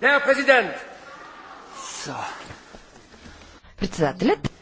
Herr Präsident! So. Председателят.